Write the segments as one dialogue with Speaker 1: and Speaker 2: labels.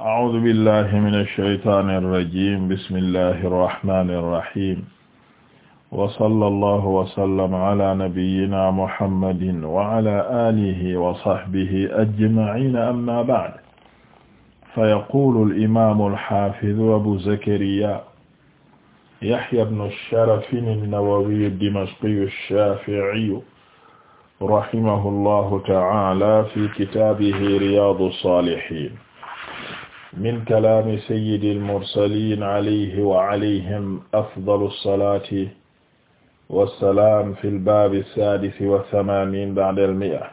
Speaker 1: أعوذ بالله من الشيطان الرجيم بسم الله الرحمن الرحيم وصلى الله وسلم على نبينا محمد وعلى آله وصحبه أجمعين أما بعد فيقول الإمام الحافظ أبو زكريا يحيى بن الشرف النووي الدمشقي الشافعي رحمه الله تعالى في كتابه رياض الصالحين min kalaami sayyidil mursaliin alayhi wa alayhim afdalu salaati wa salaam fil baabi saadisi wa samaaniin ba'dal mi'a.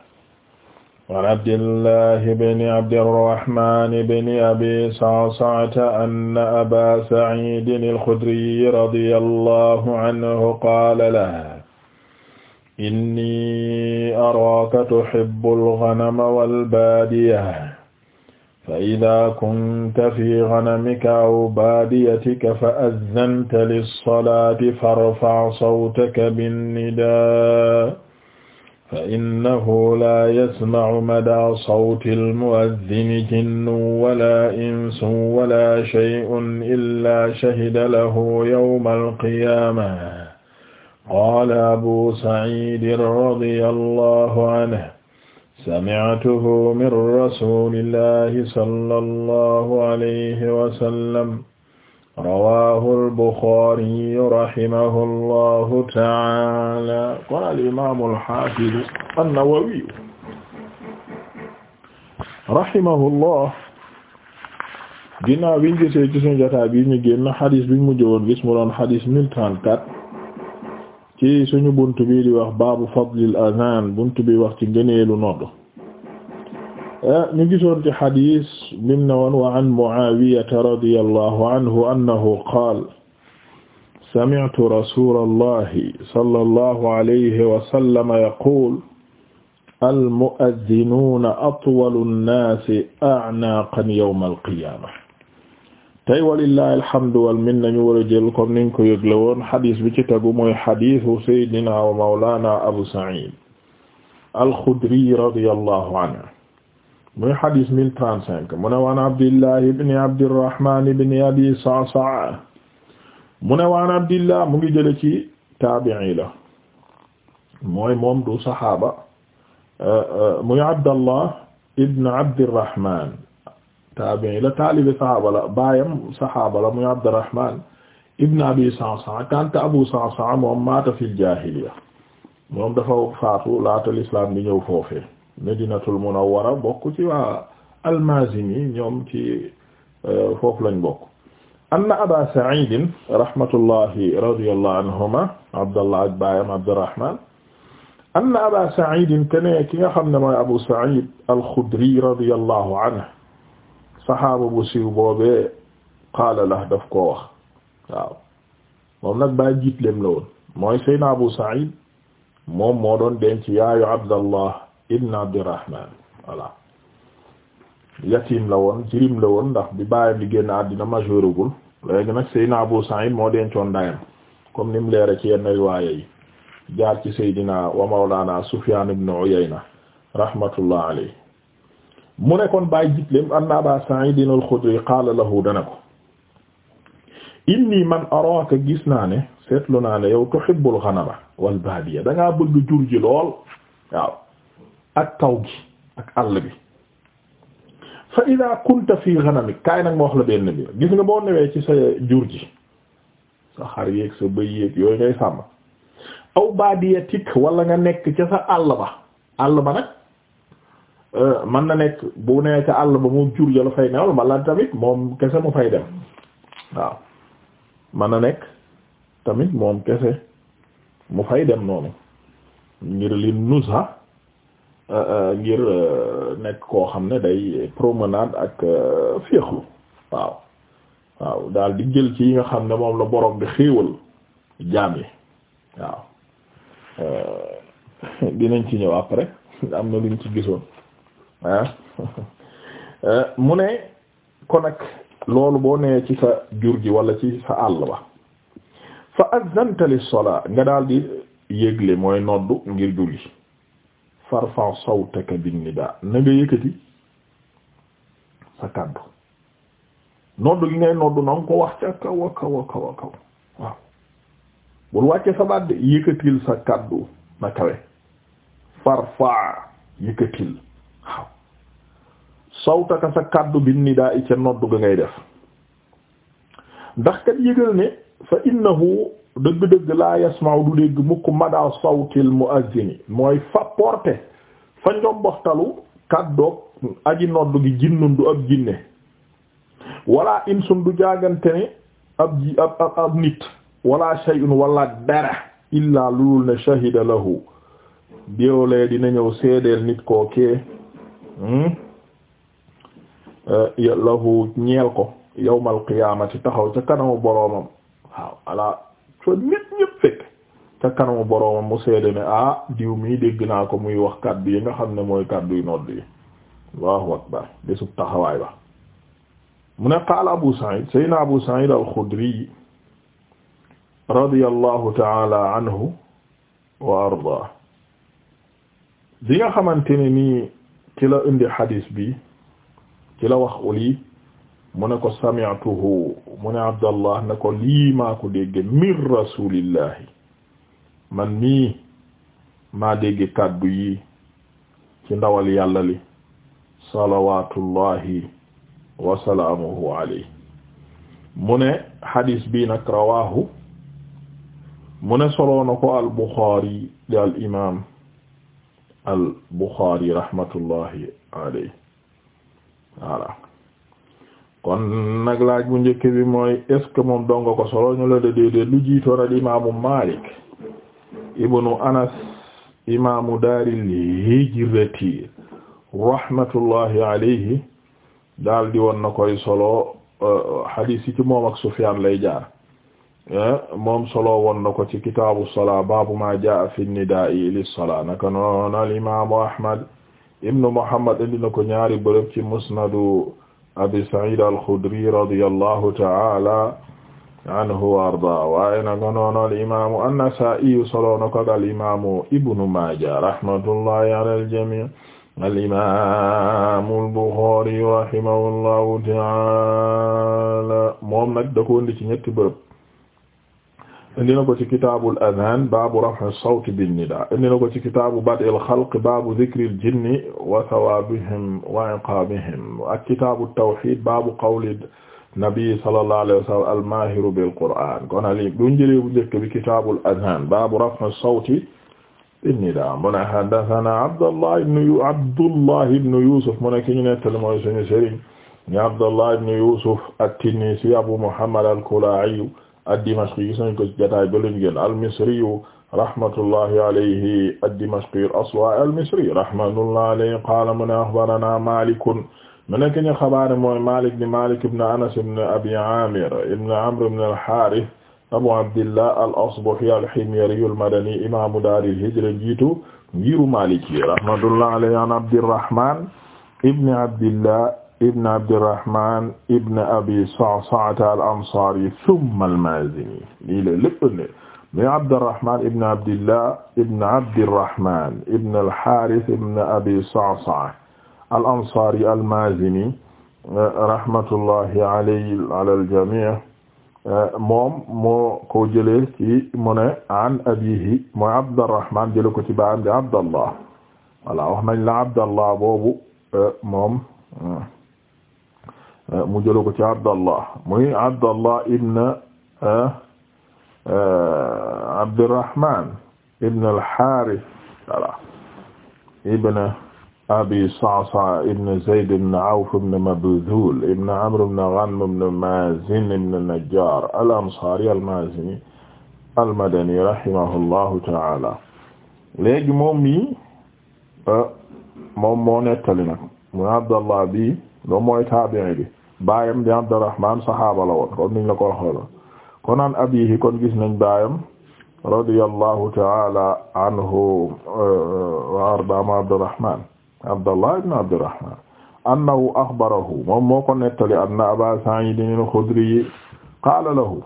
Speaker 1: an abdillahi bni abdirrahmaani bni abi sa'sa'a anna abaa sa'iidin al-xudriyyi radiyallahu anhu qaala lahu innii araaka tuhibbul ganama wal baadiya fa idaa kunta fi ganamika aw baadiyatika fa azzanta lissalaati farfa' sawtaka binnidaa fa innahu laa yasma'u madaa sawtil mu'azzini jinnun walaa insun walaa shay'un illaa shahida lahu yawmal qiyaamah qaala abuu sa'iidin radiyallaahu anhu sami'tuhu min rasulillahi sallallahu alayhi wa sallam rawaahu al-Buxaari rahimahullahu ta'aala qaala al-imaamu al-haafidu an-Nawawi rahimahullah ginnaaw biñ gisee ci sunu jotaay bi ñu génn xadis bi mu mujj woon gis mu doon xadis 1034 ci suñu bunt bi di wax baabu fadlil adhan bunt bi wax ci ngëneelu nodd ñu gisoon ci xadiis lim na woon wa an muawiyata radiyallahu anhu annahu qaal sami'tu rasulallahi sallallahu alayhi wa sallam yaqul almu'adhinuuna atwalu nnaasi a'naaqan yawma alqiyaama tey walillahi alhamdu wal minna ñu war a jël comme niñ ko yëgle woon xadis bi ci tegu mooy xadisu sayyidina wa mawlana abu sa'id al-khudri radiyallahu anhu muy xadis mille trente-cinq mu ne waan abdillahi ibni abdirrahman ibni abi sa'sa'a mu ne waan abdillah mu ngi jële ci taabi'i la mooy moom du saxaaba eh, eh, muy abdallah ibn abdirrahman taabi'i la taalibi saxaaba la baayam saxaaba la muy Abdurrahman ibn Abi Sa'sa'a kanta Abu Sa'sa'a moom maata fil jaahiliya moom dafa faatu laata l'islam bi ñëw foofee Madinatul Munawwara bokk ci waa al-Mazini ñoom ci euh, foofu lañ bokk anna Aba Sa'id rahmatullahi radiyallahu anhuma Abdallah Aba Sa'id ki nga xam ne mooy Abu Sa'id al-Khudri radiyallahu saxaaba bu siiw boobee qaala la daf koo wax waaw moom nag baa jiitlem la woon mooy Seydina Abu Sa'id moom moo doon denc yaayu Abdallah ibn Abdirahman voilà yatim la woon jirim la woon ndax bi bàyyam di génn àddina majeuragul léegi nag Seydina Abu Sa'id moo dencoon ndayam comme ni mu leere ci yenn riwaaya yi jaar ci Seydina wa Mawlana Sufyan ibn Uyayna rahmatullah alayhi mu nekkoon kon bàyyi jitlem anna Aba Sa'id al-Khudri qaala lahu dana ko inni man araaka gis naa ne seetlu naa ne yow tuhibbul ghanama wal baadiya da ngaa bëgg jur ji lool waaw ak taw gi ak àll bi fa ida kunta fi ghanamik kaay nag ma wax la benn bi gis nga boo newee ci sa jur ji sa xar yéeg sa bëy yéeg yooyu ngay sàmm aw baadiyatik wala nga nekk ca sa àll ba àll ba nag Euh, man na nekk bu nee ca àll ba mu jur jala fay newal la moom kese mu fay dem waaw na nekk tamit moom kese mu fay dem noonu ngir li nusa euh, euh, ngir nekk koo xam ne day promenade ak féexlu waaw waaw daal di jël ci yi nga xam ne moom la borom bi xéewal jaam yi waaw dinañ ci ñëw après am na luñ ci gisoon Euh, mu ne kon nag loolu boo nee ci sa jur gi walla ci sa àll ba fa azanta lis nga daal di yégle mooy noddu ngir julli farfa sawtaka bin nidaa na nga yëkkati sa kàddu noddu gi ngay noddu na ko wax ca kaw a kaw a kaw a kaw waaw bul wàcce sa baat yëkkatil sa kàddu na kawe farfa yëkkatil sawtaka sa kàddu bi nidaa i ca noddu ga ngay def ndax kat yëgal ne fa innahu dëgg-dëgg laa yasma'u du dégg mukk madaa sawtil mu'azzini mooy fa porte fa njomboxtalu kàddoog aji noddu gi jinnun du ab jinne wala insun du jaagante ne ab ji ab ab ab nit wala shay'un wala dara illaa lulul ne shahida lahu biolee dina ñëw seedeel nit kookee hmm? lahu ñeel ko yawmal qiyaamati taxaw ca kanamu boroomam waaw ala soo ñépp ñépp fekk boroomam mu seede ne ah diw mii dégg naa ko muy wax kàddu yi nga xam ne mooy kàddu yu nodd yi allahu akbar bésub taxawaay ba mu ne qaala Abu Sa'id sayyidina Abu Sa'id al-Khudri radiyallahu ta'ala anhu wa ardaa bi nga xamante ne nii ci la indi xadiis bi ci la wax lii mu ko sami'tuhu mu ne Abdallah ne ko lii maa ko dégge min rasulillahi man mii maa dégge kàddu yi ci ndawal yàlla li salawatullahi wa salaamuhu alayhi mu ne hadis bii nag rawahu mu ne soloo ko al Bukhari di al imam al Bukhari rahmatullahi alayhi voilà kon nag laaj bu njëkk bi mooy est-ce moom donga ko solo ñu la de déedéet lu jiitoon al imaamu Malik ibnu Anas imaamu daaril hijrati rahmatullahi alayhi daal di na koy solo hadith euh, yi ci moom ak Sufyaan lay jaar eh, moom solo woon na ko ci kitaabu salaa baabu ma jaa fi nidaa'i lis salaa naka noon al imaamu Ahmad ibnu Muhammad indi na ko ñaari bërëb ci musnadu Abi Sa'id al-Khudri radiyallahu ta'ala anhu wa ardaa waaye naka noonu al-imaamu an-Nasaa'i solo na ko al-imaamu Ibnu Maaja rahmatullahi ala al-jamii' al-imaamu al-Bukhaari rahimahullahu ta'ala moom nag ko indi ci ñetti bërëb indi na ko ci kitaabul adaan baabu raf'i sawti bin nidaa indi na ko ci kitaabu bad'il xalq baabu zikril jinni wa sawaabihim wa iqaabihim ak kitaabu tawhiid baabu qawli nabi sallallahu alayhi wa sallam al-maahiru bil qur'aan kon ali bu njëlee bu njëkk bi kitaabul adaan baabu raf'i sawti bin nidaa mu ne haddathanaa Abdullah ibn Abdullah ibn Yuusuf mu ne ki ñu nettali mooy suñu sëriñ ni Abdullah ibn Yuusuf at-Tinnisi Abu Muhammad al-Kalaa'i ad-Dimashqi gis nañ ko jotaay ba lañu génn al-Misri rahmatullahi alayhi ad-Dimashqi al-Aswa'i al-Misri rahmatullahi alayhi qaala mu ne akhbarana Malik mu nekk ñu xabaar mooy Malik di Malik ibn Anas ibn Abi Amir ibn Amr ibn al-Harith Abu Abdillah al-Asbahi al-Himyari al-Madani imaamu daar al-hijra jiitu ngiru Maliki rahmatullahi alayhi an Abdirrahman ibn Abdillah ibn Abdirahman ibn Abi Sa'sa'a al-Ansari thumma al-Mazini lii la lépp ne mais Abdirahman ibn Abdillah ibn Abdirahman ibn al-Harith ibn Abi Sa'sa'a al-Ansari al-Mazini rahmatullahi alayhi ala al-jami' moom moo ko jëlee ci mu ne an abihi mooy Abdirahman jëlee ko ci baam di Abdallah voilà wax nañ la Abdallah boobu moom. Eh, mu jëlo ko ci abdallah muy abdallah ibn eh, eh, abdirahman ibn al-Harith voilà ibn abi Sa'sa'a ibn Zayd ibn Awf ibn Mabdhul ibn Amr ibn Ghanm ibn Mazin ibn Najjar al-Ansari al-Mazini al-Madani rahimahullahu ta'ala léegi moom mi moom moo nettali nag mu Abdallah bi moom mooy taabi'i bi baayam di Abdurrahman saxaaba la woon kon niñ la ko waxee kon an abiihi kon gis nañ baayam radiyallahu ta'ala anhu euh, wa ardaama Abdurrahman Abdullah ibn Abdurrahman annahu axbarahu moom moo ko nettali anna Abaa Sa'iid al-Xudri qaala lahu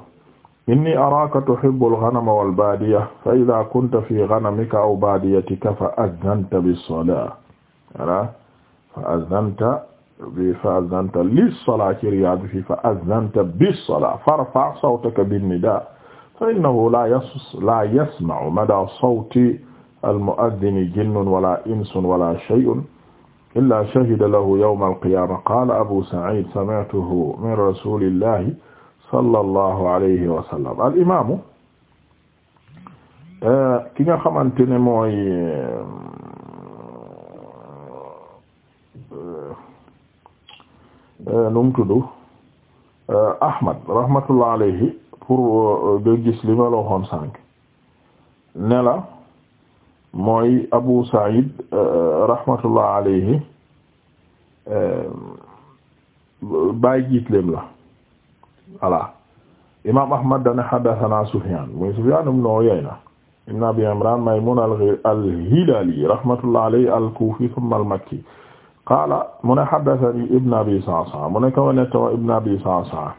Speaker 1: inni araaka tuhibbu al-ghanama wal-baadiya fa idaa kunta fii ghanamika aw baadiyatika fa adhanta bis-salaa fa adhanta bi fa azanta lis-salaa ci Riyaad bi fa azanta bis-salaa farfa' sawtaka bin-nidaa fa innahu laa yas laa yasma'u madaa sawti al-mu'azzini jinnun wala insun wala shay'un illaa shahida lahu yawma al-qiyaama qaala Abu Sa'iid sami'tuhu min rasuulillaahi sallallahu alayhi wa sallam al-imaamu eh, ki nga xamante ne mooy Euh, nu mu tudd euh, Ahmad rahmatullah alayhi pour euh, nga gis li ma la waxoon sànq ne la mooy Abu Sa'id rahmatullah alayhi bàyyi jiitleem la voilà imaam Ahmad dana haddathana Sufyan mooy Sufyan ibn Uyayna ibn Abi Maymun al-Hilali rahmatullah alayhi al-Kufi thumma qaala mu ne haddathani ibn abi sa'sa'a mu ne kaw nettoo ibn abi sa'sa'a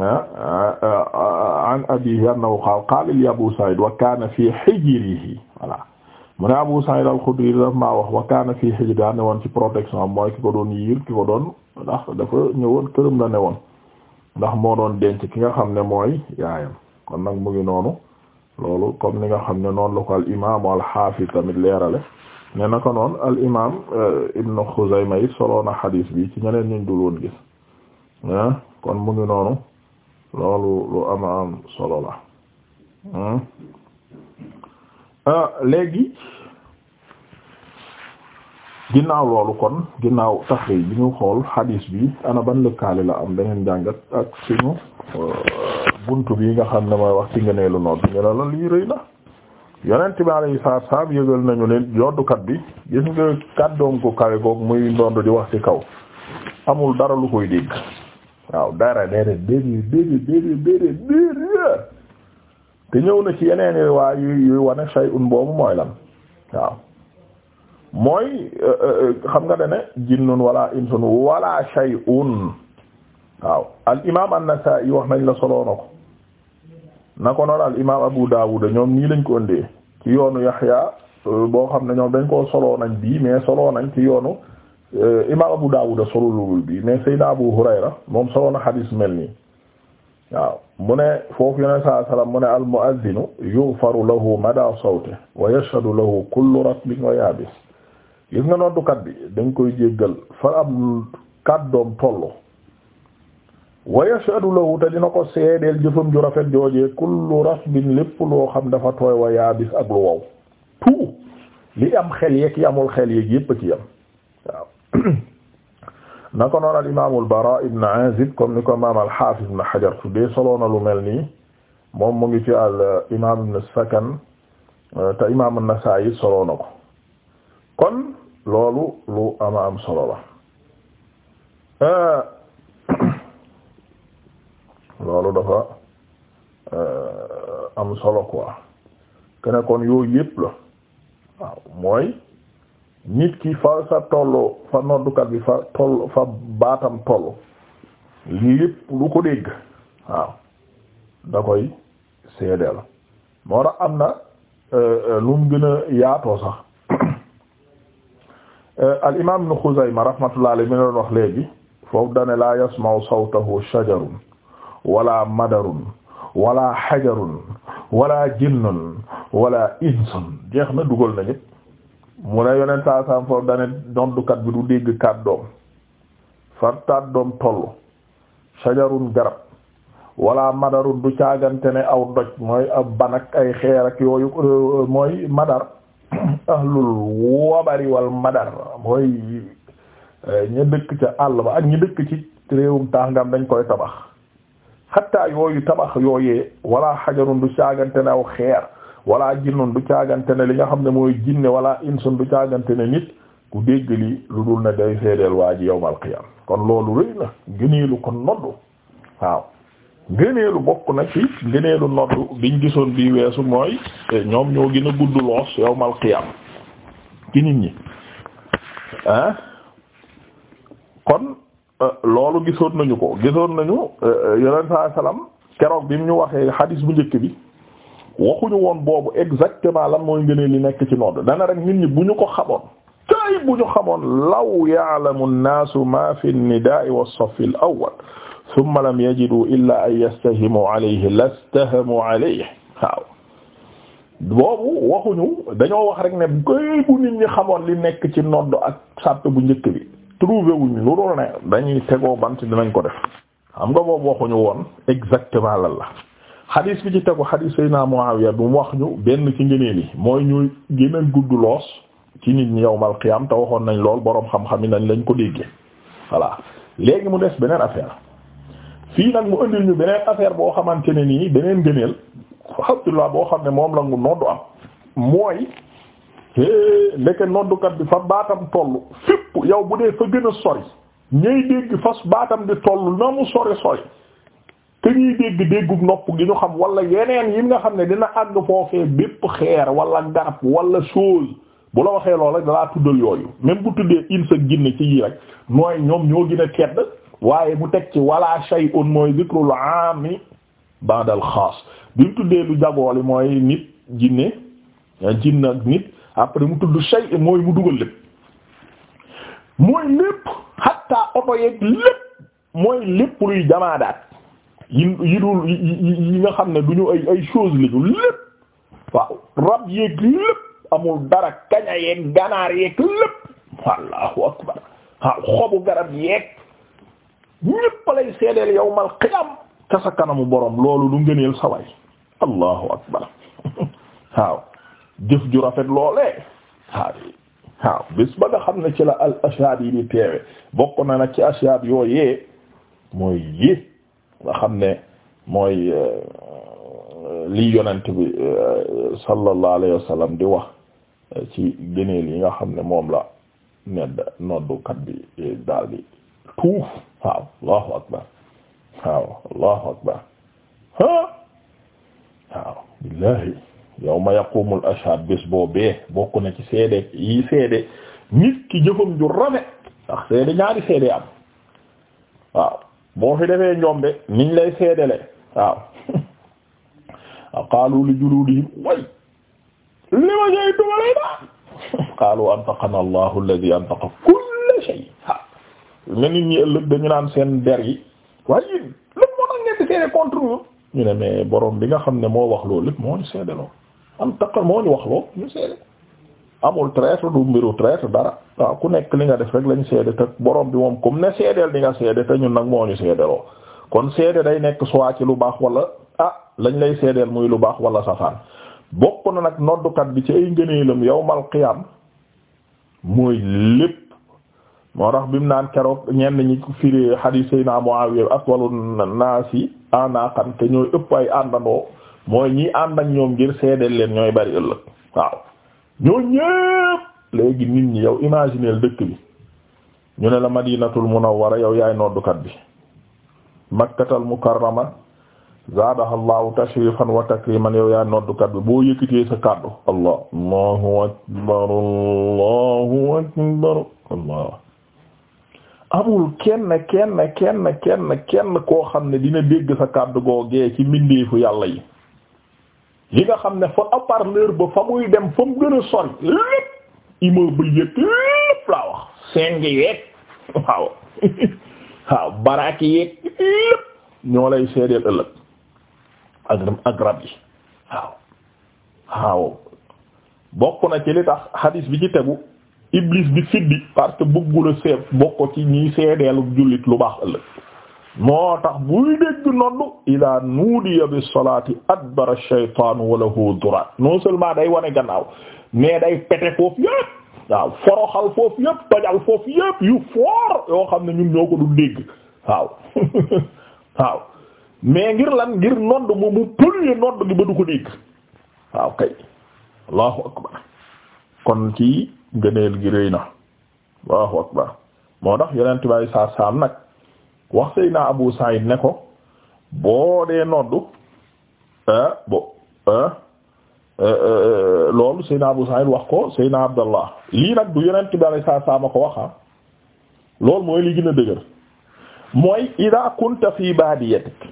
Speaker 1: ah, an abiihi annahu qaala qaala li abu sa'id wa kaana fi hijrihi voilà mu ne abu sa'id al-khudri daf wax wa kaana fi hijrihi daa ne woon ci protection mooy ki ko doon yiir ki ko doon ndax dafa ñëwoon këram la ne woon ndax moo doon denc ki nga xam ne mooy yaayam kon nag mu ngi noonu loolu comme ni nga xam ne noonu la ko al imaam tamit leerale ne na ko noon al imam eh, ibnu Xuzayma it soloona xadiis bi ci ñeneen ñu dul woon gis eh, kon mu ngi noonu loolu lu am am solo la hmm? eh, léegi ginnaaw loolu kon ginnaaw taxriij bi ñu xool xadiis bi ana ban lëkkaali la am beneen jàngat ak suñu buntu bi nga xam ne mooy wax ci ngëneelu nodd ñu la la lii rëy na yonent bi alayhi salaatu salaam yëgal nañu ne yoddukat bi gis nga kàddoom ko kawe muy ndond di wax ci kaw amul dara lu koy dégg waaw dara déedéet déedéet déedéet déedéet déedéet te ñëw na ci yeneen yi waa yuy yuy wane shay'un boobu mooy lan waaw mooy euh, euh, euh, xam nga dane jinnun wala insun wala shay'un waaw al imaam an-Nasaa'i wax nañ la soloona ko na ko noon al imaam Abu Daawud ñoom nii lañ ko ëndee ci yoonu Yaxya euh, boo xam ne ñoom dañ koo soloo nañ bii mais soloo nañ ci yoonu euh, imaam Abu Daawud sololul bii mais na Abu Hurayra moom soloo na xadiis mel nii waaw mu ne foofu yoneen saa sallam mu ne al mu'adhdhinu yughfaru lahu mada sawtihi wa yashhadu lahu kullu ratbin wa yaabis gis nga noddukat bi dañ koy jéggal fa am kàddoom tollu wo yashhadu lahu te dina ko seedeel jëfam ju rafet joojee kullu rasbin lépp loo xam dafa tooy wa yaabis ak lu wow tout li am xel yeeg yi amul xel yeeg yépp ci yam waaw na ko al imaam al Baraa ibn Aazib comme ni ko imaam al Haafiz ibn Hajar tuddee solo na lu mel nii moom mu ngi ci al imaam ibn Sakan te imaam an-Nasaa'i solo na ko kon loolu lu ama am solo la euh, loolu dafa euh, am solo quoi kene kon yooyu yëpp la waaw mooy nit ki fa sa tollu fa noddukat bi fa toll fa baatam tollu lii yëpp lu ko dégg waaw da koy seedeel moo tax am na euh, euh, lu mu gën a yaatoo sax al imaam ibn Xuzayma rahmatullahi alayhi mi doon wax léegi foofu dane la yasma'u sawtahu shajarun wala madarun wala xajarun wala jinnun wala insun jeex na dugal na ñëpp mu ne yoneen saa saam foofu dane noddukat bi du dégg kàddoom far kàddoom tollu sajarun garab wala madarun du caagante ne aw doj mooy banak ay xeer ak yooyu euh, mooy madar ahlul wabari madar mooy euh, ña dëkk ca àll ba ak ñi dëkk ci réewum taax ngam dañ koy tabax xatta yooyu tabax yooyee wala xajarun du caagante ne aw xeer wala jinnun du caagante ne li nga xam ne mooy jinne wala insun du caagante ne nit ku dégg li lu dul ne day seedeel waa ji yawmal qiyaam kon loolu rëy na ngëneelu kon noddu waaw ngëneelu bokk na fi ngëneelu noddu biñ gisoon bii weesu mooy eh, ñoom ñoo gën a gudd loos yawmal qiyaam ci nit ñi ah kon loolu gisoon nañu ko gisoon nañu yeneen saa salaam keroog bi mu ñu waxee xadiis bu njëkk bi waxuñu woon boobu exactement lan mooy ngëneel li nekk ci nodd dana rek nit ñi bu ñu ko xamoon tay bu ñu xamoon law ya'lamu an-naasu ma fi an-nidaa'i was-saffi al-awwal lam yajidu illa an yastahimu alayhi lastahamu alayhi waaw boobu waxuñu dañoo wax rek ne bu nit ñi xamoon li nekk ci nodd ak sàppe bu njëkk bi trouvé ñu lu doon ne dañuy tegoo bant dinañ ko def am nga boobu waxuñu woon exactement lan la xadiis bi ci tegu xadiis Seydina Muawiya bu mu wax ñu benn ci ngëneel yi mooy ñuy gën a gudd loos ci nit ñi yow qiyaam te waxoon nañ lool boroom xam-xam yi nañ lañ ko déggee voilà léegi mu des beneen affaire fii nag mu indil ñu beneen affaire boo xamante ne nii beneen ngëneel alhamdulillah boo xam ne moom la ngu noddu am mooy ndeke noddukat bi fa baatam toll fépp yow bu dee fa gën a sori ñay dégg fas baatam di toll na mu sori sori te ñuy dégg déggub nopp gi ñu xam wala yeneen yi nga xam ne dina àgg foofee bépp xeer wala garab wala chose bu la waxee loolu rek dalaa tuddal yooyu même bu tuddee il sa ginne ci yi rek mooy ñoom ñoo gën a tedd waaye mu teg ci wala shay'un mooy zikrul aami ba'dal xaas bi mu tuddee lu jagooli mooy nit jinne jinne ak nit après mu tudd shay mooy mu dugal lépp mooy lépp hatta oto yeeg lépp mooy lépp luy jamaadaat yi yi dul xam ne du ñu ay ay choses lépp rab yeeg lépp amul dara kaña yeeg ganaar yeeg lépp allahu akbar waaw xobu garab yeeg ñépp lay seedeel yawmal qiyam ka kanamu borom loolu du ngëneel sa way akbar waaw jëf ju rafet loolee waaw bis ba nga xam ne ci la al ashab yi di teewe bokk na nag ci ashab yooyee mooy yi nga xam ne mooy euh, li yonent bi euh, sallallahu alayhi wa di wax euh, ci gëneel yi nga xam ne moom la nedd noddukat bi daal di tuuf allahu akbar waaw allahu akbar ha waaw billahi yawma yaqumul ashhad bés boobee bokk na ci seede yi seede nit ki jëfam ju rafet ndax seede ñaari seede am waaw boo fi defee njombe niñ lay seedele waaw qaalu li juluudihim way li ma jey dumalay daan qaalu antaqana ne nit ñi ëllëg dañu naan seen der yi waaye yéen lépp ne mais bi nga xam ne moo wax loolu lépp moo seede loolu am taqal moo ñu wax loo ñu seede amul traître du mbiru traître dara waaw ku nekk li nga def rek lañ seede te borom bi moom comme ne seedeel li nga seede te ñun nag moo ñu seedeloo kon seede day nekk soit ci lu baax wala ah lañ lay seedeel muy lu baax wala safaan bokk na nag noddukat bi ci ay ngëneelam yawmal qiyaam mooy lépp moo tax bi mu naan keroog ñenn ñi firi hadith Seydina Muawiya aswalu naasi anaqan te ñooy ëpp ay àndandoo mooy ñii ànd ak ñoom ngir seedeel leen ñooy bari ëllëg waaw ñoo ñépp léegi nit ñi yow imaginer dëkk bi ñu ne la madinatul munawwara yow yaay noddukat bi makkatal mukarrama zaadahallahu tashrifan wa takriman yaay noddukat bi boo yëkkatee sa kàddu allah allahu akbar allahu akbar allah amul kenn kenn kenn kenn kenn koo xam ne dina dégg sa kàddu googee ci mbindeefu yàlla yi li nga xam ne fa haut-parleur ba fa muy dem fa mu gën a sori lépp immeuble yëpp lépp laa wax seng yeeg waaw waaw baraak yeeg ñoo lay seedeel ëllëg ak ak rab yi waaw waaw bokk na ci li tax hadis bi ci tegu iblis bi siddi parce que bëggula seet bokk ci ñiy seedeelu jullit lu baax ëllëg moo tax buy dégg noddu ila nuudiya bi salaati adbara ash-shaytaanu wa lahu duraat non seulement day wane gannaaw mais day pete foofu yëpp waaw foroxal foofu yëpp tojal foofu yëpp yu foor yoo xam ne ñun ñoo ko du dégg waaw waaw mais ngir lan ngir nodd mu mu pëlye nodd gi ba du ko dégg waaw kay allahu akbar kon ci gëneel gi rëy na allahu akbar moo tax yeneen tubaab yi saa saam nag wax Seydina Abu Saïd ne ko boo dee noddu ah, bo ah, eh, eh, loolu Seydina Abu Saïd wax ko Seydina Abdallah lii nag du yonent bi alayhi salaam ko waxa ah. loolu mooy li gën a dëgër mooy ida kunta fi baadiyatik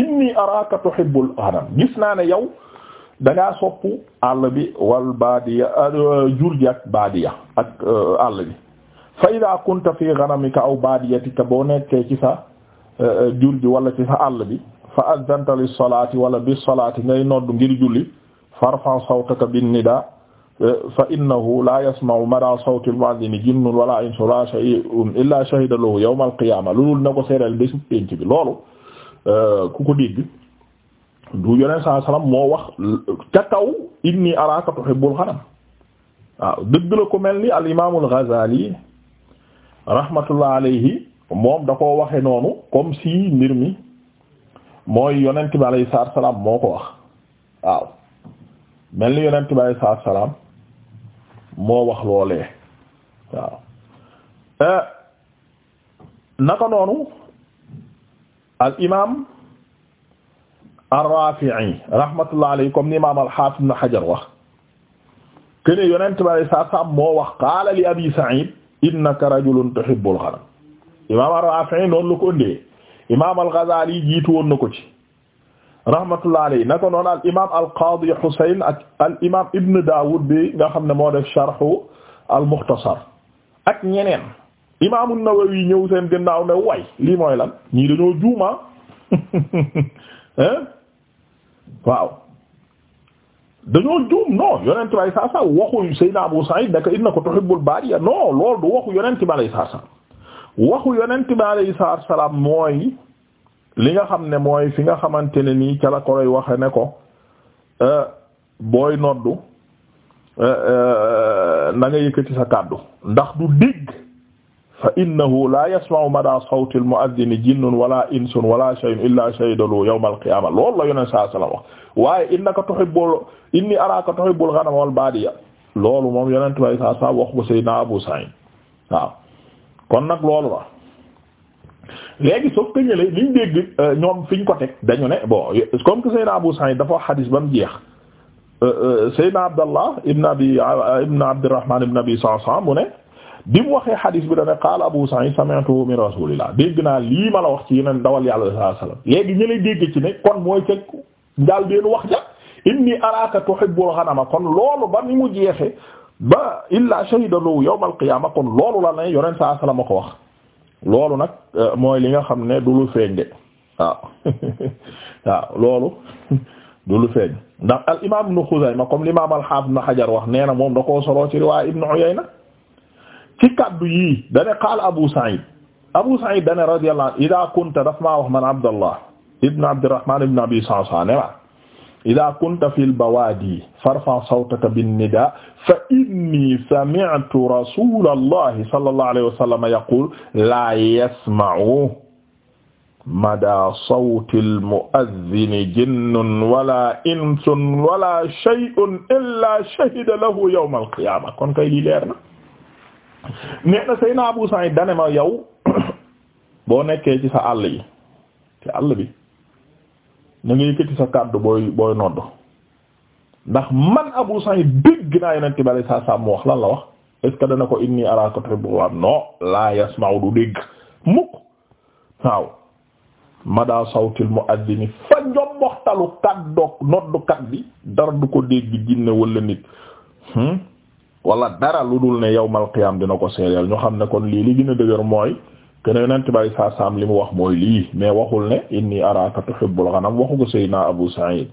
Speaker 1: inni araaka tuhibbul ghanam gis naa ne yow dangaa sopp bi wal baadiya eh, jur ji ak baadiya ak àll bi fa ida kunta fi ghanamika aw baadiyatika boo nekkee ci sa eh, eh, jur ji wala ci sa àll bi fa addanta lis salaati wala bis salaati ngay nodd ngir julli farfa sawtaka bin nida eh, fa innahu la yasma'u mada sawti al-mu'adhdhin jinnun wala insun wala shay'un illa shahida lahu yawm al-qiyamah loolu na ko seedal bésu pénc bi loolu ku ko dégg du yoneen saa salaam moo wax ca kaw inni araka tuhibbul ghanam waaw dëgg la ko mel ni al-imam al-Ghazali rahmatullah alayhi moom da koo waxe noonu comme si mbir mi mooy yonent bi alayhi salaatu salaam moo ko wax waaw mel ni yonent alayhi salaam moo wax loolee waaw eh, naka noonu al imaam ar-Rafi'i rahmatullah alayhi comme ni imaam al-Hafiz ibn Hajar wax kene yonent alayhi salaam moo wax qaala li Abi Sa'id innaka rajulun tuhibbul xaram imaam ar-Rafi'i noonu la ko ëndee imaam al-Ghazali jiitu woon na ko ci rahmatullah alayhi naka noonu al imaam al-Qadi Husayn ak al imaam Ibn Dawud bi nga xam ne moo def sharhu al-Mukhtasar ak ñeneen imaam an-Nawawi ñëw seen gannaaw ne way lii mooy lan ñii dañoo juuma waaw. dañoo juum non yonent bi saa saa waxu Seydina Abu Sa'id naka innaka tuhibbul baadiya non loolu du waxu yonent bi saa saa waxu yonent mooy li nga xam ne mooy fi nga xamante ne nii ca la ko waxe ne ko euh, booy noddu euh, euh, na nga yëkkati sa kàddu ndax du dégg. fa innahu la yasma'u mada sawti al-mu'adhdhin jinnun wala insun wala shay'un illa shaydalu yawm al-qiyamah loolu la yoneen saa sala wax waaye innaka tuhibbul inni araka tuhibbul ghanama wal baadiya loolu moom yonent bay saa saa wax ko Seydina Abu Sa'id waaw kon nag loolu la léegi soo ko ñëlee liñ dégg euh, ñoom fiñ ko teg dañu ne bon comme que Seydina Abu Sa'id dafa wax xadis ba mu jeex euh, euh, Seydina Abdallah ibn Abi ibn Abdurrahman ibn Abi Sa'sa mu ne bi mu waxee xadiis bi dana qaala Abu Sa'id sami'tu min rasulillah dégg naa lii ma la wax ci yeneen dawal yàlla sallallahu alayhi wasallam léegi ñu lay dégg ci ne kon mooy ca daal deen wax ja inni araaka tuhibbul ghanama kon loolu ba ni mu jeexe ba illaa shahida lahu yawm al kon loolu la ne yoneen sallallahu alayhi ko wax loolu nag euh, mooy li nga xam ne du lu feeñ de waaw loolu du lu feeñ ndax al imaam ibnu Xuzayma comme l'imam al-Haafiz ibnu wax nee moom da koo soloo ci riwaaya ibnu Uyayna ci kaddu yii da ne qaala Abu Sa'id Abu Sa'id da ne radiyallahu anhu idaa kunta daf maa wax man Abdallah ibn Abdurrahman ibn Abi Sa'sa ne ma idaa kunta fil bawaadi farfa' sawtaka bin nidaa fa inni sami'tu rasulallahi sallallahu alayhi wa sallam yaqul laa yasma'u madaa sawtil mu'adhdhini jinnun wala insun wala shay'un illaa shahida lahu yawmal qiyaamah kon kay leer na nee na Seydina Abu Sa'id dane ma yow boo nekkee ci sa àll yi ci àll bi na nga yëkkati sa kàddu booy booy nodd ndax man Abu Sa'id dégg naa yonent bi alay saa mu wax lan la wax est-ce que dana ko inni araaka tuhibbuna non la yasma'u du dégg mukk waaw mada fa njomboxtalu kàddook noddukat bi dara du ko dégg jinne walla nit hmm? wala dara lu dul ne yawmal qiyaam dina ko seedeel xam ne kon lii li gën a dëgër mooy kene yonent bay saa saam li mu wax mooy lii mais waxul ne inni araka tuhibbul ghanam waxu ko Seydina Abu Sa'id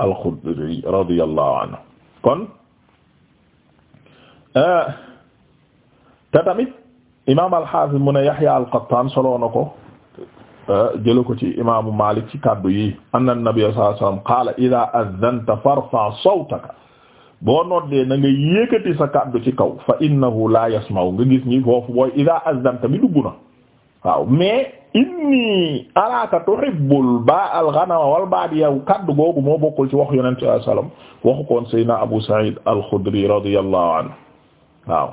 Speaker 1: al-Khudri radiyallahu anhu kon euh, te tamit imaam al Yahya al-Qattan soloo na ko euh, jëla ko ci imaamu Malik ci kaddu yi anna an-nabiy sallallahu alayhi wasallam qala idha farfa sawtaka boo noddee na nga yékkati sa kàddu ci kaw fa innahu la yasma'u nga gis ñi foofu booy ida azdamta bi dugg na waaw mais inni araaka tuhibbul ba al ghanama wal baadiya kàddu googu moo bokkul ci wax yonent ci alayhi wasallam waxu koon sayna Abu Sa'id al-Khudri radiyallahu anhu waaw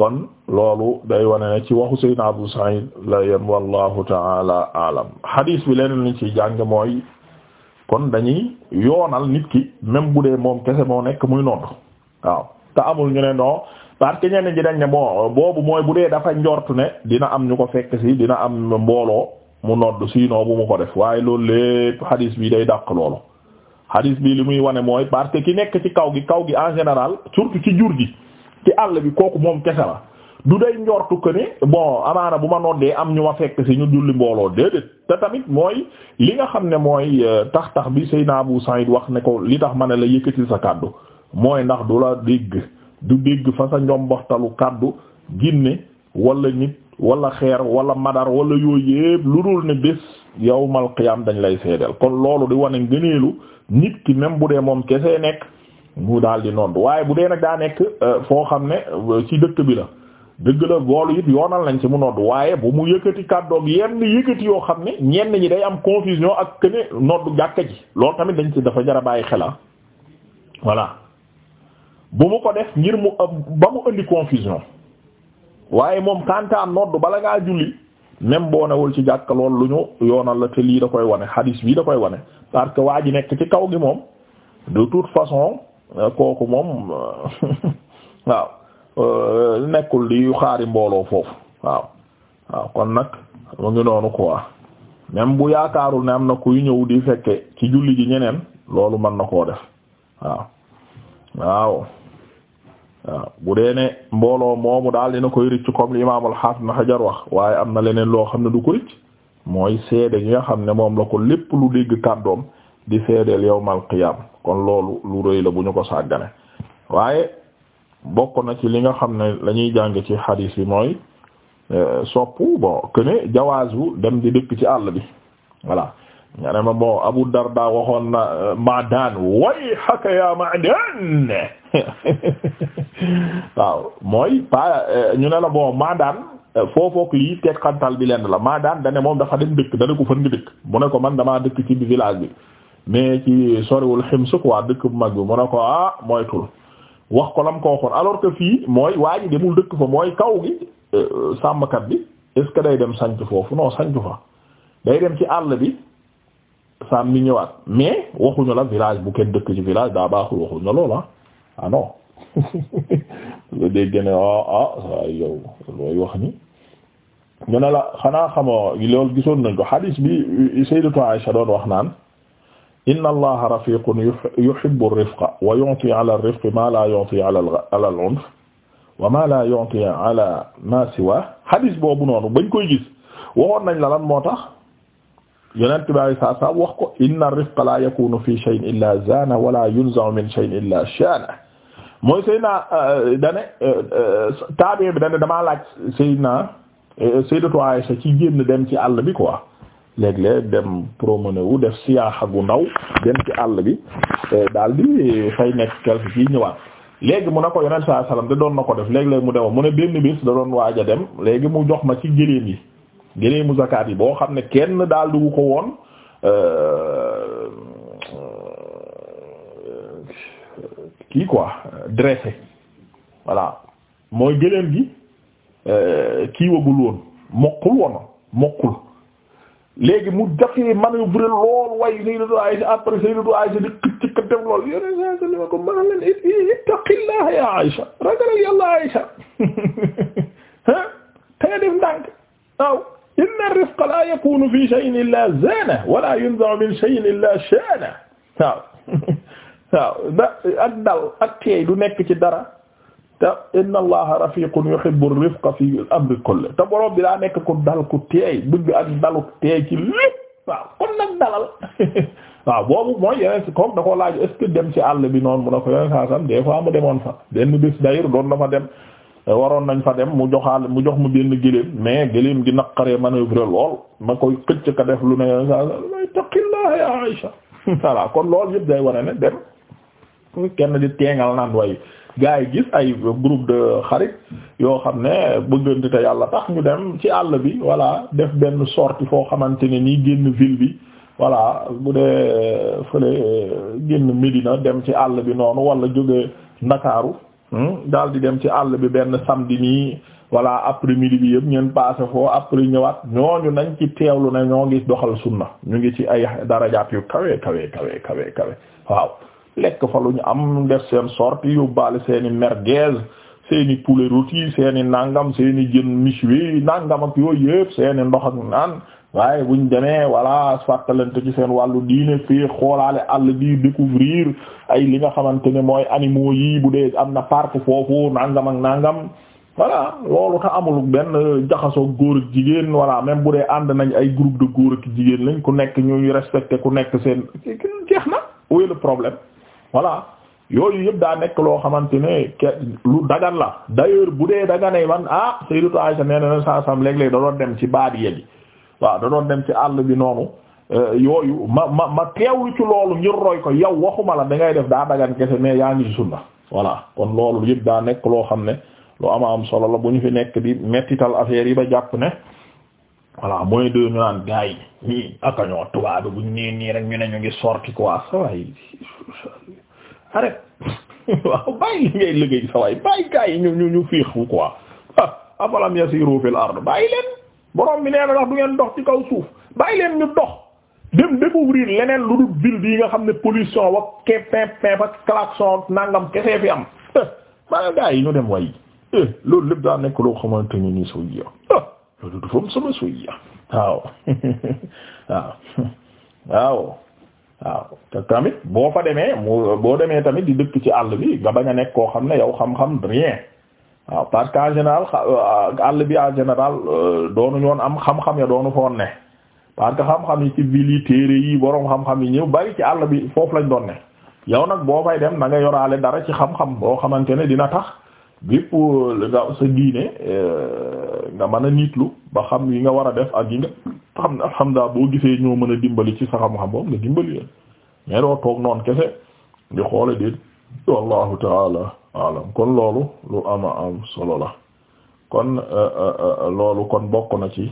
Speaker 1: kon loolu day wane ci waxu sayna Abu Sa'id la yem wallahu ta'ala alam hadith bi leneen lañ ci jàng mooy kon dañuy yoonal nit ki même bu dee moom kese moo nekk muy nodd waaw te amul ñu ne non parce que ñenn ñi dañ ne bon boobu mooy bu dee dafa njort ne dina am ñu ko fekk si dina am mbooloo mu nodd sinon bu mu ko def waaye loolu lépp hadis bi day dàq loolu hadis bi li muy wane mooy parce que ki nekk ci kaw gi kaw gi en général surtout ci jur gi ci àll bi kooku moom kese la du day njortu que ne bon amaana bu ma noddee am ñu ma fekk ci ñu julli mbooloo déedéet te tamit mooy li nga xam ne mooy euh, tax tax bi naa Abu Saïd wax ne ko li tax ma ne la yëkkatil sa kàddu mooy ndax du la dégg du dégg fa sa njomboxtalu kàddu ginne wala nit wala xeer wala madar wala yooyu yépp lu dul ne bés yawmal qiyaam dañ lay seedeel kon loolu di wane ngëneelu nit ki même bu dee moom kese nekk mu daal di nodd waaye bu dee nag daa nekk euh, foo xam ne euh, ci dëkk bi la. dëgg la boolu it yoonal nañ ci mu nodd waaye bu mu yëkkati kàddoog yenn yëkkati yoo xam ne ñenn ñi day am confusion ak que ne nodd jàkka ji loolu tamit dañ ci dafa jar a bàyyi xela ah. voilà bu mu ko def ngir mu ba mu indi confusion waaye moom kantaan nodd bala ngaa julli même boo newul ci jàkka lool lu ñu yoonal la te lii da koy wone hadis bii da koy wane parce que waa ji nekk ci kaw gi moom de toute façon euh, kooku moom euh, waaw lu euh, nekkul di xaari mbooloo foofu waaw waaw kon nag mu ngi noonu quoi même bu yaakaarul ne am na kuy ñëw di fekke ci julli ji ñeneen loolu mën na koo def waaw waaw waaw bu dee ne mbooloo moomu daal dina koy rëcc comme li imaam al-Hafiz Ibn wax waaye am na leneen loo xam ne du ko rëcc mooy seede gi nga xam ne moom la ko lépp lu dégg kàddoom di seedeel yawmal qiyaam kon loolu lu rëy la bu ñu ko sàggane waaye bokk na ci li nga xam ne lañuy jàng ci xadiis bi mooy euh, soppu bon que ne dem di dëkk ci àll bi voilà nga ne ma bon Abu Darda waxoon na euh, Ma'dan way xaka yaa Ma'dan waaw mooy pa euh, ñu ne la bon Ma'dan foofook lii teeg xantal bi lenn la maa daan Ma'dan dane moom dafa dem dëkk da ko fan nga dëkk mu ne ko man damaa dëkk ci bi village bi mais ci soriwul Hims quoi dëkk bu mag bi mu ne ko ah moytul wax ko lam ko waxoon alors que fii mooy waa ji demul dëkk fa mooy kaw gi euh, sàmmkat bi est-ce que day dem sanc foofu non sanc fa day dem ci àll bi sàmm bi ñëwaat mais waxuñu la village bu kenn dëkk ci village daa baaxul waxuñu la loola ah. ah non lu dégg ne ah ah saa yow looy wax ni ñu ne la xanaa xamoo loolu gisoon nañ ko hadis bi Sayyidatu Aisha doon wax naan inna allaha rafiqun yuhibbu rifqa wa yu'ti ala ar-rifqi ma la yu'ti ala al-'unf wa ma la yu'ti ala ma siwa hadis boobu noonu bañ koy gis waxoon nañ la lan moo tax yonent bi saa saa wax ko inna ar-rifqa la yakunu fi shay'in illa zana wa la yunza'u min shay'in illa shana mooy Seydina euh, dane euh, euh, taabee bi dane damaa laaj Seydina Sayyidatu Aisha ci génn dem ci àll bi quoi léeg-léeg dem promener wu def siyaaxa gu ndaw dem ci àll bi eh, daal di fay nekk quelque fii ñëwaat léegi mu ne ko yonent saa salaam da doon na ko def léeg lee mu demoon mu ne benn bis da doon waaj a dem léegi mu jox ma ci gëléem yi gëléemu zakaat yi boo xam ne kenn daal di ko woon eh, eh, kii quoi dressé voilà mooy gëléem gi kii wagul woon mokkul woon mokkul. léegi mu jafee manœuvre lool way Sayyidatu Aïsha après Sayyidatu Aïsha di xëcc ka dem lool yoneen saa sa lima ko maa leen ittaqillah ya Aïsha ragalal yàlla Aïsha te nga def ndànk waaw inna rifqa la yakunu fi shay'in illa zana wala yunza'u min shay'in illa shana waaw waaw da ak dal ak teey du nekk ci dara te inna allaha rafiqun yuhibbu rifqa fi amri te borom bi daa nekk ku dal ku teey bëgg ak dalu teey ci lépp waaw kon boobu mooy yeneen si comme ci àll bi noonu mu ko yeneen demoon fa benn bés dayir doon nañ fa dem mu joxaal mu jox mu benn gëléem mais gëléem gi naqaree lool ma koy xëcc lu ne kon loolu yëpp day wane ne dem kenn di teengal naan way gars yi gis ay groupe de xarit yoo xam ne bëggante te yàlla tax ñu dem ci àll bi voilà def benn sortie foo xamante ne nii génn ville bi voilà bu dee fële génn Médina dem ci àll bi noonu wala jóge Ndakaaru hmm, daal di dem ci àll bi benn samedi nii voilà après midi bi yëpp ñeen passé foo après ñëwaat ñooñu nañ ci teewlu ne ñoo ngi doxal sunna ñu ngi ci ay darajaat yu kawe kawe kawe kawe waaw lekk fa lu ñu am def seen sortie yóbbaale seeni merguez seeni poulet rôti seeni nangam seeni jën méchoui nangam ak yooyu yëpp seeni ndox ak naan waaye buñ demee voilà fàttalante ci seen wàllu diine fii xoolaale àll bi découvrir ay li nga xamante ne mooy animaux yi bu dee am na parc foofu nangam ak nangam voilà loolu ta amul benn jaxasoo góor ak jigéen voilà même bu dee ànd nañ ay groupe de góor ak jigéen lañ ku nekk ñuy respecté ku nekk seen jeex na où voilà yooyu yëpp daa nekk loo xamante ne lu dagan la d'ailleurs bu dee da nga ne man ah Sayyidatu Aisha nee na saa sam léeg-léeg da doon dem ci baadiya bi waaw da doon ci àll bi noonu euh, yooyu ma ma ma teewlu ci loolu ngir ko yow waxuma la da ngay def daa dagan kese mais yaa ngi sunna voilà kon loolu yëpp daa nekk loo xam ne lu ama am solo la bu ñu fi nekk di mettital affaire yi ba jàpp ne voilà mooy de ñu naan gars yi ñoo tubaab bu ñu nee nii rek ñu ne ñu ngi sorti quoi ça waaye arrête waaw bàyyi li ngay liggéey sa waay bàyyi gars yi ñu ñu ñu fiixu quoi afalam yasiru fil ard bàyyi leen borom bi nee ndax du ngeen dox ci kaw suuf bàyyi leen ñu dox dem découvrir leneen lu dul ville bi nga xam ne pollution wak ke pin pin ak klaxon nangam kesee fi am bàyyi gars yi ñu dem way loolu lépp daa nekk loo xamante ni ni soo yi loolu du fam sama soo yi waaw waaw waaw waaw te tamit boo fa demee mu boo demee tamit di dëkk ci àll bi nga bañ a nekk koo xam ne yow xam-xam rien waaw parce que en général euh, àll bi en général euh, doonu ñoon am xam-xam ya doonu foon ne parce que xam-xam yi ci ville yi téere yi boroom xam-xam yi ñëw bari ci àll bi foofu lañ doon ne yow nag boo fay dem na nga yoraale dara ci xam-xam boo xamante ne dina tax bépp euh, nga sa diine euh, nga mën a niitlu ba xam yi nga war a def ak yi nga xam ne alhamdulilah boo gisee ñoo mën a dimbali ci sa xam-xam boobu nga dimbali leen mais doo toog noonu kese di xoole déet wallahu taala alam kon loolu lu ama am solo la kon euh, loolu kon bokk na ci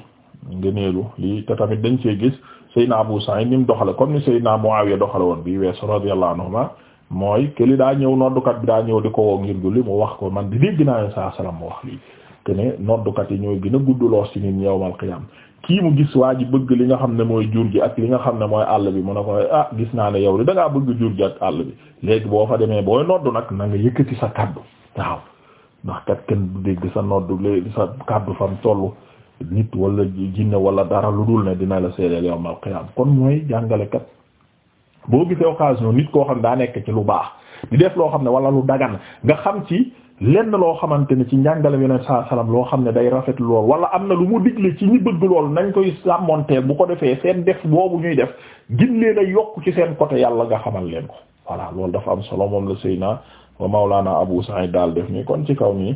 Speaker 1: ngëneelu lii te tamit dañ see gis Seydina Abu Sa'id ni mu doxale comme ni Seydina Muawiya doxale woon bi wees radiyallahu anhuma mooy këli daa ñëw noddukat bi daa ñëw di ko ngir julli mu wax ko man di dégg naa leen saa salaam mu wax lii te ne noddukat yi ñooy gën a gudd loos ci nit yawmal qiyaam kii mu gis waa ji bëgg li nga xam ne mooy jur gi ak li nga xam ne mooy àll bi mu ne ko ah gis naa ne yow li da bëgg jur gi ak àll bi léegi boo fa demee booy noddu nag na nga yëkkati sa kaddu waaw ndax kenn dégg sa noddu léegi sa kaddu fam tollu nit wala jinne wala dara lu dul ne dina la seedeel yawmal qiyaam kon mooy jàngalekat boo gisee occasion nit koo xam ne daa nekk ci lu baax di def loo xam ne wala lu dagan nga xam ci lenn loo xamante ni ci njàngale bi saa salaam loo xam ne day rafet lool wala am na lu mu digle ci ñi bëgg lool nañ koy sàmmonteel bu ko defee seen def boobu ñuy def gin leen a yokk ci seen côté yàlla nga xamal leen ko voilà loolu dafa am solo moom la Seydina wa Mawlana Abu Sa'id daal def nii kon ci kaw nii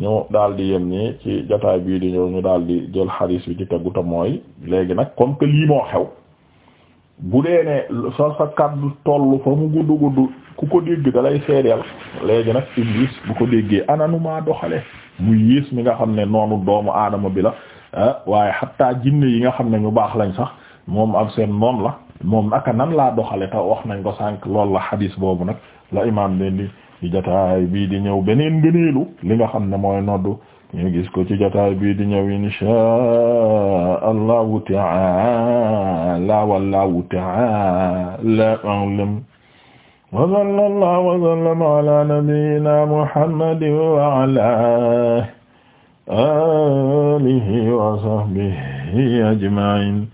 Speaker 1: ñu daal di yem nii ci jotaay bii di ñëw ñu daal di jël xadiis bi ci tegu te mooy léegi nag comme que xew. bu dee ne sa sa kaddu toll fa mu gudd gudd ku ko dégg da lay seedeel léegi nag iblis bu ko déggee ananuma doxale mu yées mi nga xam ne noonu doomu aadama bi la ah, waaye xatta jinne yi nga xam ne ñu baax lañ sax moom am seen noon la moom naka nan laa doxale te wax nañ ko sànq loolu la xadiis boobu nag la imaam leen di jataay bii di ñëw beneen ngëneelu li nga xam ne mooy noddu ñu gis ko ci jotaay bii di ñëw inshaa allahu taala wallahu taala a'lam wa sallallahu wa sallam ala nabiyyina muhammadin wa ala alihi wa sahbihi ajma'in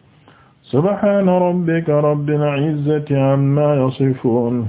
Speaker 1: subhana rabbika rabbil izzati amma yasifun